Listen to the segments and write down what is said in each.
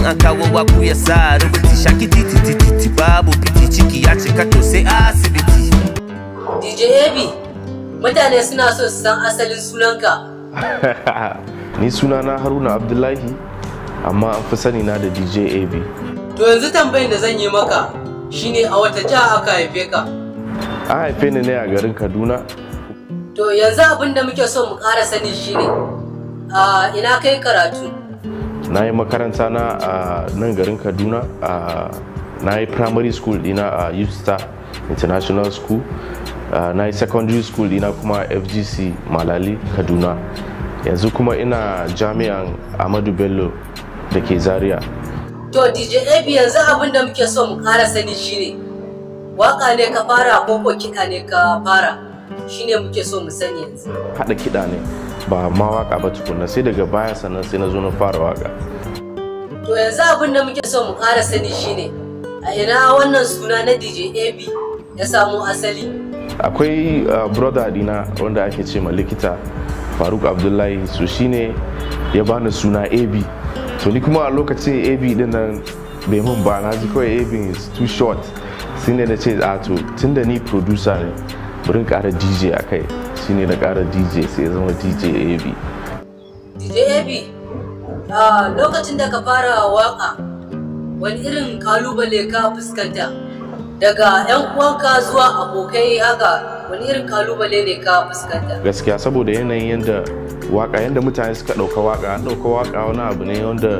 in an kawo waku ya sa rubuci shaki titi titi babu fiti ciki ya cika to sai asibiti DJ Hebi mutane suna so su san asalin sunanka ni sunana Haruna Abdullahi amma an fi sani na da DJ AB to yanzu tambayin da zan yi maka shine a wata jiha aka haife ka an haife ni ne a garin Kaduna to yanzu abin da muke so mu ƙara sani shine a ina kai karatu na yi makaranta na a nan garin kaduna na yi primary school dina a youth star international school na yi secondary school dina kuma fgc malali kaduna yanzu kuma ina jami'an amadu bello da ke zaria to dj abi yanzu abin da muke so mu kara sani shine waka ne ka fara ko kiɗa ne ka fara shine muke so mu sani yanzu haɗa kiɗa ne ba ma waka ba tukunna sai daga baya sannan sai na zo fara waka to yanzu abin da muke so mu ƙara sani shine a ina wannan suna na DJ AB ya samo asali akwai brother dina wanda ake ce ma likita faruk abdullahi su shine ya bani suna AB to ni kuma a lokacin AB din nan bai mun ba na ji kawai AB is too short sai ne na ce a ah, to tunda ni producer ne bari ƙara dj a kai shi ne na ƙara dj sai ya zama dj ab dj ab lokacin da ka fara waka wani irin kalubale ka fuskanta daga 'yan uwanka zuwa abokai haka wani irin kalubale ne ka fuskanta gaskiya saboda yanayin yadda waka yadda mutane suka ɗauka waka an ɗauka waka wani abu ne wanda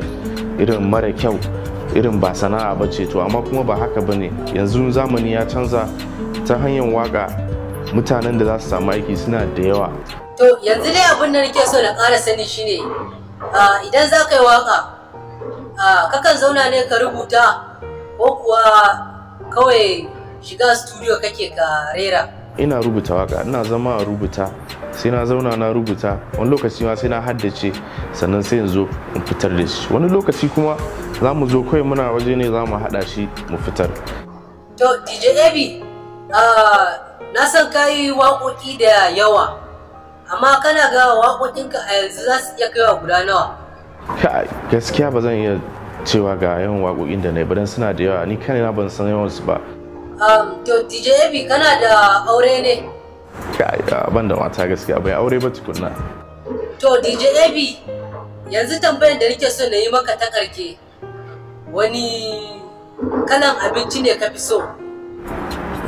irin mara kyau irin ba sana'a ba ce to amma kuma ba haka ba ne yanzu zamani ya canza ta hanyar waka mutanen da za su samu aiki suna da yawa to yanzu dai abin da nake so na ƙara sani shine idan za ka yi waka kakan zauna ne ka rubuta ko kuwa kawai shiga studio kake ka rera ina rubuta waka ina zama a rubuta sai na zauna na rubuta wani lokaci ma sai na haddace sannan sai in zo in fitar da shi wani lokaci kuma za mu zo kawai muna waje ne za mu haɗa shi mu fitar to dj abi na san ka yi waƙoƙi da yawa amma kana ga waƙoƙinka a yanzu za su iya kaiwa guda nawa gaskiya ba zan iya cewa ga yawan waƙoƙin da na yi suna da yawa ni kai na ban san yawan su ba to DJ Abi kana da aure ne kai ban da mata gaskiya bai aure ba tukunna to DJ Abi yanzu tambayar da nake so na yi maka ta karke wani kalan abinci ne ka fi so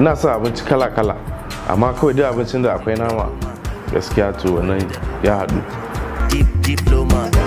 ina sa abinci kala-kala amma kawai duk abincin da akwai nama gaskiya to wannan ya haɗu